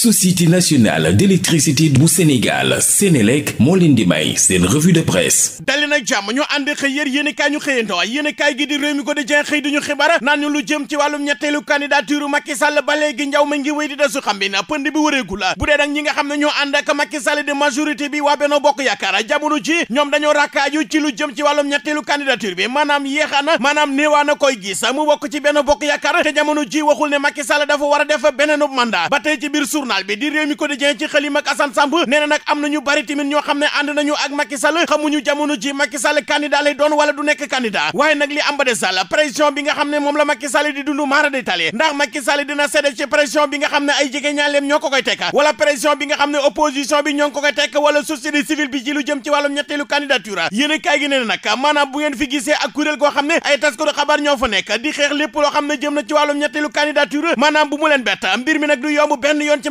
société nationale d'électricité bu Sénégal Sénélec moo leen di may seen revue de presse dali jàmm ñu ànd xëy yér yéen i kaay ñu xëyandoo yéen i kaay gi di réew mi ko di jen xëy duñu xibaar naan ñu lu jëm ci wàllum ñetteelu candidature Macky Sall ba léegi njaw ma ngi wéy di desu xam bi na pënd bi wëreegu la bu dee nag ñi nga xam ne ñoo ànd ak Macky Sall di majorité bi waa Benno Bokk Yaakaar jamono ji ñoom dañoo rakkaaju ci lu jëm ci wàllum ñetteelu candidature bi maanaam yéexaana maanaam néewaana koy mu bokk ci Benno Bokk Yaakaar te jamono ji waxul ne Macky Sall a def beneen mandat ba tey ci biir journal bi di réew mi quotidien ci xëlim ak Assane Samb nee na moom la Macky Sall di dund maara day tale ndax Macky dina sedde ci pression bi nga xam ne ay jege ñaaleem ñoo ko koy tekk bi nga xam ne opposition bi ñoo ngi ko société civile bi ci jëm ci wàllum ñetteelu candidature yéen kaay gi nee na nag bu ngeen fi gisee ak kuréel koo xam ne ay taskatu xabaar ñoo fa nekk di xeex lépp xam ne jëm na ci wàllum ñetteelu candidature maanaam bu mu leen bett mbir mi nag du yomb benn yoon ci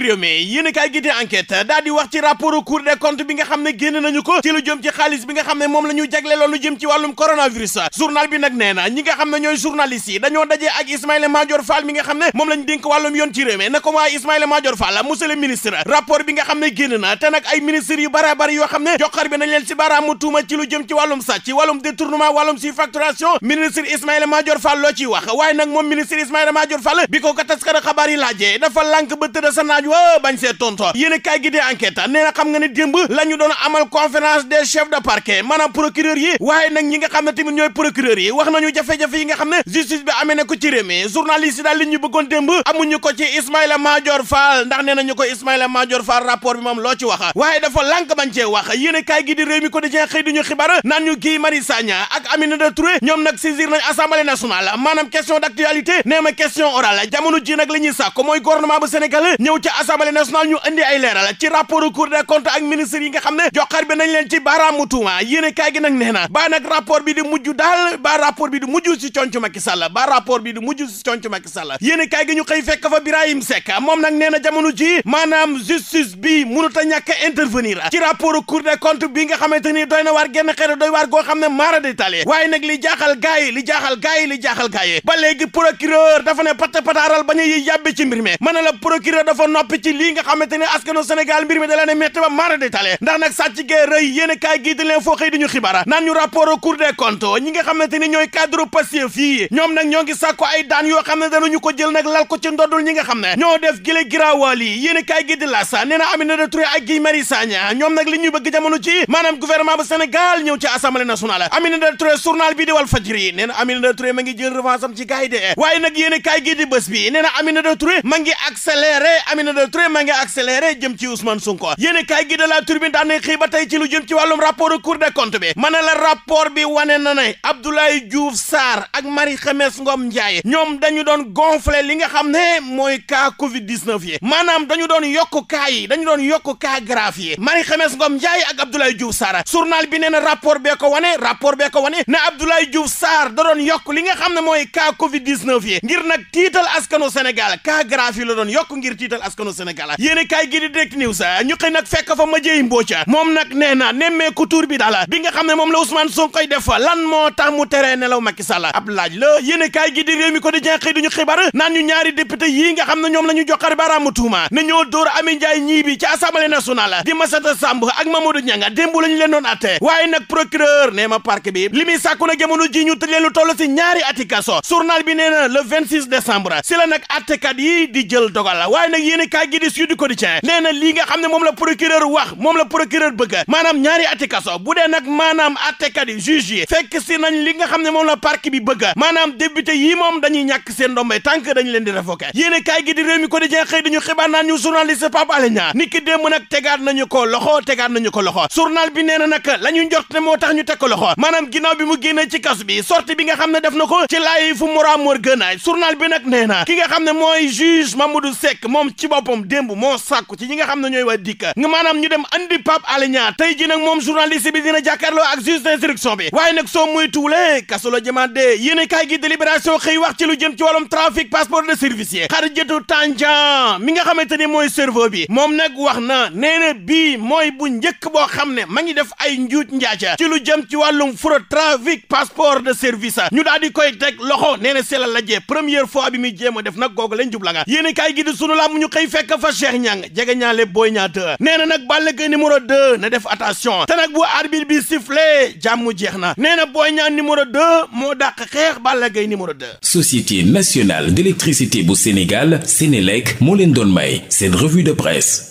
ci réew mi yéen kaay wax ci rapport cour des comptes bi nga xam ne génn nañu ko ci lu jëm ci xaalis bi nga xam ne moom la ñu jagleeloon jëm ci wàllum coronavirus journal bi nag nee na ñi nga xam ne ñooy journalistes yi dañoo dajee ak Ismaïla Madior Fall mi nga xam ne moom lañ dénk wàllum yoon ci réew mi na ko waa Ismaïla Madior Fall monsieur le ministre rapport bi nga xam ne génn na te nag ay ministres yu bare bare yoo xam ne joxar bi nañ leen wa bañ see tontu yéen a kaay gi dee enquête nee xam nga ne démb la ñu doon amal conférence des chefs de parquet maanaam procureur yi waaye nag ñi nga xam ne tamit ñooy yi wax nañu jafe-jafe yi nga xam ne justice bi amee na ko ci réew mi journaliste yi daal li ñu bëggoon démb ko ci Ismaïla Madior ndax nee nañu ko Ismaïla bi moom loo wax wax waaye dafa lànk bañ cee wax yéen a kaay gi di réew mi ko di cee xëy duñu xibaar naan ñu Guy Marius Sagna ak Aminata Touré ñoom nag saisir nañ assemblée nationale maanaam question d'actualité nee ma question orale jamono ji nag la ñuy sàkk mooy gouvernement bu Sénégal ñëw ci assemblée nationale ñu indi ay leeral ci rapport cour des comptes ak ministre yi nga xam ne joxar bi nañ leen ci baaraamu tuuma yéene kaay gi nag nee na ba nag rapport bi di mujj daal ba rapport bi di mujj bi di mujj si conc Macky gi ñu xëy fekk fa Birahim Seck moom nag nee na jamono ji maanaam bi mënut a ñàkk a ci rapport cour des comptes bi nga xamante ni doy na waar genn xeetu doy waar goo xam ne maara détaillé waaye nag li jaaxal gaay yi li jaaxal gaay yi li jaaxal ba léegi procureur dafa ne pat a yàbbi ci noppi ci lii nga xamante ne askanu Sénégal mbir mi da leen metti ba mara di tale ndax nag sàcc gee rëy yéen kaay gii leen foo xëy di ñu xibaar naan ñu rapport Cour des comptes ñi nga xamante ni ñooy cadre Pastef fii ñoom nag ñoo gi sàkku ay daan yoo xam ne danañu ko jël nag lal ko ci ndoddul ñi nga xam ne ñoo def gile giraawaal yi yéen kaay gii di las nee na Aminata Touré ak Guy Marius ñoom nag li ñuy bëgg jamono ci maanaam gouvernement bu Sénégal ñëw ci assemblée nationale Aminata Touré journal ci gars Aminata Touré ma ngi accéléré jëm ci Ousmane Sonko yéene kaay gi de la Tribune daan xëy ba tey ci lu jëm ci wàllum rapport Cour des comptes bi ma ne bi wane na ne Abdoulaye Diouf Sarr ak Marie Khemesse Ngom ñoom dañu doon gonfler li nga xam ne mooy cas Covid 19 yi maanaam dañu doon yokk cas dañu doon yokk cas grave yi Marie Khemesse Ngom Ndiaye ak Abdoulaye Diouf Sarr journal bi nee na rapport bee ko wane rapport bee ko wane ne Abdoulaye Diouf yokk li nga xam ne mooy cas Covid 19 yi ngir nag tiital askanu Sénégal cas grave yi la doon yokk ngir tiital askanu Sénégal yéen kaay gi di ñu xëy fekk fa ma jëy mbooca moom nag nee na nemmeeku bi daal bi nga xam ne moom la Ousmane Sonko def lan moo tax mu teree nelaw Macky Sall ab laaj la yéen kaay gi di réew mi ko di jenqëy duñu xibaar naan ñu ñaari député yi nga xam ne ñoom la ñu joxar baraamu tuuma ne ñoo dóor Amy Ndiaye ñii bi ci Assemblée nationale di Massata Samb ak Mamadou Niang démb la ñu leen doon atte nag procureur nee ma bi li muy sàkku na jamono kaay gi di Sud Quotidien lii nga xam ne moom la procureur wax moom la procureur bëgg maanaam ñaari atti kaso bu dee nag maanaam attekat yi juge yi fekk si nañ li nga xam ne moom la parquet bi bëgg maanaam député yi moom dañuy ñàkk seen ndombay tànk dañ leen di revoqué yéen kaay gi di Rewmi xëy dañu xibaar naan ñu journaliste Pape Alé Niang ni ki démb nag tegaat nañu ko loxo tegaat nañu ko loxo journal bi nee nag la ñu njort ne moo tax ñu teg ko bi boppam démb moo sàkku ci ñi nga xam ne ñooy waa dikka nga maanaam ñu dem andi Pape Alé Niang tey ji moom journaliste bi dina jàkkaarloo ak juge d'instruction bi waaye nag soo muy tuulee kaso la jëmaat de yéen gi délibération xëy wax ci lu jëm ci wàllum trafic passeport de service yi Xarijatu Tandian mi nga xamante ni mooy cerveau bi moom nag wax na nee na mooy bu njëkk boo xam ne ma ngi def ay njuuj njaaca ci lu jëm ci wàllum fraude trafic passeport de service ñu bi muy a fekk fa Cheikh Niang jege ñaale Boy Niang 2 nee na nag Balla Gaye numéro 2 na def attention te nag bu arbitre bi sifflé jàmm jeex na nee na Boy Niang numéro 2 moo daq xeex Balla Gaye numéro 2. Société nationale d'électricité bu Sénégal Sénélec moo leen doon may seen revue de presse.